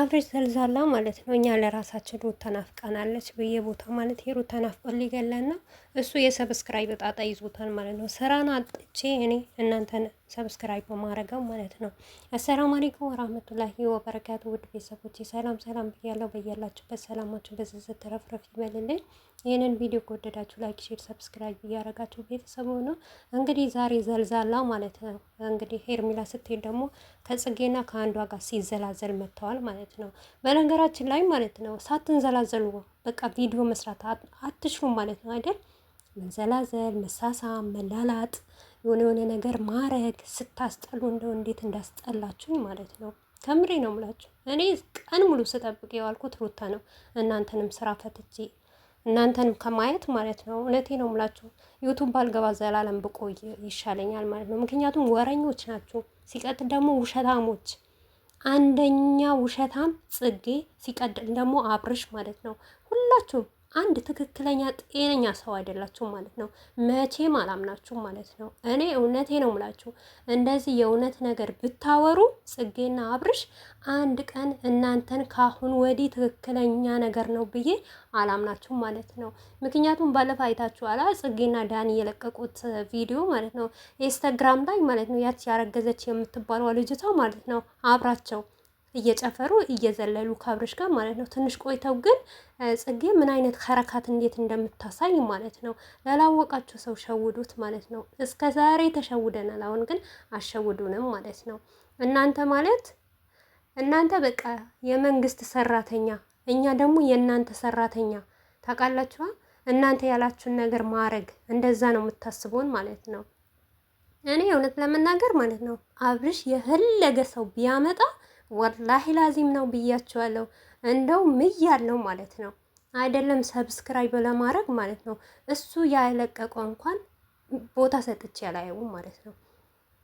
አብሬጅ ዘልዛላ ማለት ነው። እኛ ለራሳችን ሩታ ናፍቃናለች በየቦታ ማለት የሩታ ናፍቆት ሊገለን ነው። እሱ የሰብስክራይብ ጣጣ ይዞታል ማለት ነው። ስራን አጥቼ እኔ እናንተን ሰብስክራይብ በማድረገው ማለት ነው። አሰላሙ አለይኩም ወራህመቱላሂ ወበረካቱ። ውድ ቤተሰቦች ሰላም ሰላም ብያለሁ። በያላችሁበት ሰላማችሁ በዝዝት ተረፍረፍ ይበልልን። ይህንን ቪዲዮ ከወደዳችሁ ላይክ፣ ሼር፣ ሰብስክራይብ እያደረጋችሁ ቤተሰቡ ነው። እንግዲህ ዛሬ ዘልዛላ ማለት ነው እንግዲህ ሄርሚላ ስትሄድ ደግሞ ከጽጌና ከአንዷ ጋር ሲዘላዘል መጥተዋል ማለት ነው። በነገራችን ላይ ማለት ነው ሳትንዘላዘሉ በቃ ቪዲዮ መስራት አትችሉም ማለት ነው አይደል? መዘላዘል፣ መሳሳም፣ መላላጥ የሆነ የሆነ ነገር ማረግ ስታስጠሉ እንደው እንዴት እንዳስጠላችሁኝ ማለት ነው። ከምሬ ነው ምላችሁ። እኔ ቀን ሙሉ ስጠብቅ የዋልኩት ሩታ ነው። እናንተንም ስራ ፈትቼ እናንተንም ከማየት ማለት ነው። እውነቴ ነው ምላችሁ። ዩቱብ ባልገባ ዘላለም ብቆይ ይሻለኛል ማለት ነው። ምክንያቱም ወረኞች ናችሁ። ሲቀጥል ደግሞ ውሸታሞች አንደኛ ውሸታም ጽጌ፣ ሲቀጥል ደግሞ አብርሽ ማለት ነው። ሁላችሁም አንድ ትክክለኛ ጤነኛ ሰው አይደላችሁም ማለት ነው። መቼም አላምናችሁም ማለት ነው። እኔ እውነቴ ነው የምላችሁ። እንደዚህ የእውነት ነገር ብታወሩ ጽጌና አብርሽ አንድ ቀን እናንተን ካሁን ወዲህ ትክክለኛ ነገር ነው ብዬ አላምናችሁም ማለት ነው። ምክንያቱም ባለፈ አይታችኋላ ጽጌና ዳኒ የለቀቁት ቪዲዮ ማለት ነው ኢንስታግራም ላይ ማለት ነው ያች ያረገዘች የምትባለው ልጅቷ ማለት ነው አብራቸው እየጨፈሩ እየዘለሉ ካብርሽ ጋር ማለት ነው። ትንሽ ቆይተው ግን ጽጌ ምን አይነት ከረካት እንዴት እንደምታሳይ ማለት ነው ላላወቃቸው ሰው ሸውዱት ማለት ነው። እስከ ዛሬ ተሸውደናል፣ አሁን ግን አሸውዱንም ማለት ነው። እናንተ ማለት እናንተ በቃ የመንግስት ሰራተኛ፣ እኛ ደግሞ የእናንተ ሰራተኛ ታውቃላችኋ። እናንተ ያላችሁን ነገር ማረግ እንደዛ ነው የምታስበውን ማለት ነው። እኔ እውነት ለመናገር ማለት ነው አብርሽ የፈለገ ሰው ቢያመጣ ወላሂ ላዚም ነው ብያቸዋለሁ። እንደው ምያለው ማለት ነው አይደለም ሰብስክራይብ ለማድረግ ማለት ነው። እሱ ያለቀቀው እንኳን ቦታ ሰጥቼ ያላየውም ማለት ነው።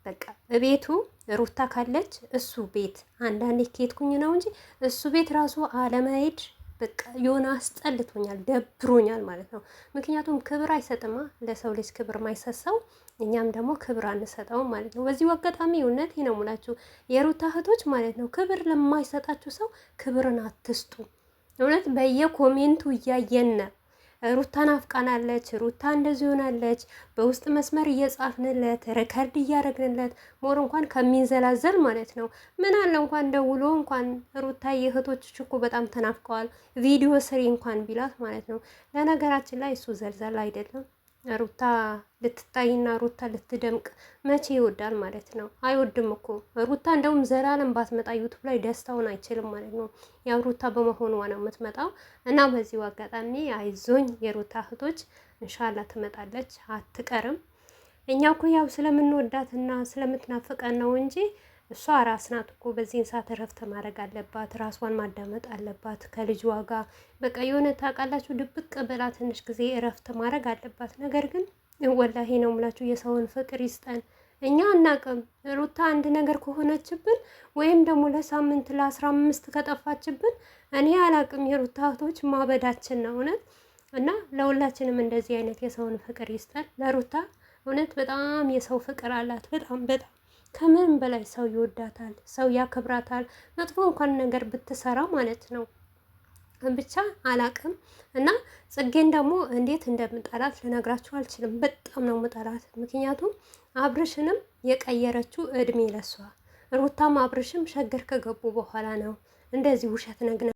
በቃ ቤቱ ሩታ ካለች እሱ ቤት አንዳንዴ ከሄድኩኝ ነው እንጂ እሱ ቤት ራሱ አለመሄድ በቃ የሆነ አስጠልቶኛል፣ ደብሮኛል ማለት ነው። ምክንያቱም ክብር አይሰጥማ ለሰው ልጅ ክብር ማይሰሰው እኛም ደግሞ ክብር አንሰጠውም ማለት ነው። በዚሁ አጋጣሚ እውነት ነው ሙላችሁ የሩታ እህቶች ማለት ነው፣ ክብር ለማይሰጣችሁ ሰው ክብርን አትስጡ። እውነት በየኮሜንቱ እያየን ሩታ ናፍቃናለች፣ ሩታ እንደዚህ ሆናለች፣ በውስጥ መስመር እየጻፍንለት ሪከርድ እያደረግንለት ሞር እንኳን ከሚንዘላዘል ማለት ነው። ምን አለ እንኳን ደውሎ እንኳን ሩታ የእህቶች እኮ በጣም ተናፍቀዋል ቪዲዮ ስሪ እንኳን ቢላት ማለት ነው። ለነገራችን ላይ እሱ ዘልዘል አይደለም። ሩታ ልትታይና ሩታ ልትደምቅ መቼ ይወዳል ማለት ነው? አይወድም እኮ ሩታ እንደውም ዘላለም ባትመጣ ዩቱብ ላይ ደስታውን አይችልም ማለት ነው። ያው ሩታ በመሆኗ ነው የምትመጣው እና በዚሁ አጋጣሚ አይዞኝ የሩታ እህቶች እንሻላ ትመጣለች፣ አትቀርም። እኛ እኮ ያው ስለምንወዳትና ስለምትናፍቀን ነው እንጂ እሷ ራስ ናት እኮ በዚህን ሰዓት እረፍት ማድረግ አለባት፣ ራሷን ማዳመጥ አለባት። ከልጅ ዋጋ በቃ የሆነ ታውቃላችሁ፣ ድብቅ ብላ ትንሽ ጊዜ እረፍት ማድረግ አለባት። ነገር ግን ወላሄ ነው የምላችሁ የሰውን ፍቅር ይስጠን። እኛ አናቅም። ሩታ አንድ ነገር ከሆነችብን ወይም ደግሞ ለሳምንት ለአስራ አምስት ከጠፋችብን እኔ አላቅም። የሩታ እህቶች ማበዳችን ነው እውነት። እና ለሁላችንም እንደዚህ አይነት የሰውን ፍቅር ይስጠን። ለሩታ እውነት በጣም የሰው ፍቅር አላት። በጣም በጣም ከምንም በላይ ሰው ይወዳታል፣ ሰው ያከብራታል። መጥፎ እንኳን ነገር ብትሰራ ማለት ነው። ብቻ አላቅም እና ጽጌን ደግሞ እንዴት እንደምጠላት ልነግራችሁ አልችልም። በጣም ነው ምጠላት። ምክንያቱም አብርሽንም የቀየረችው እድሜ ለሷ ሩታም አብርሽም ሸገር ከገቡ በኋላ ነው እንደዚህ ውሸት ነግነ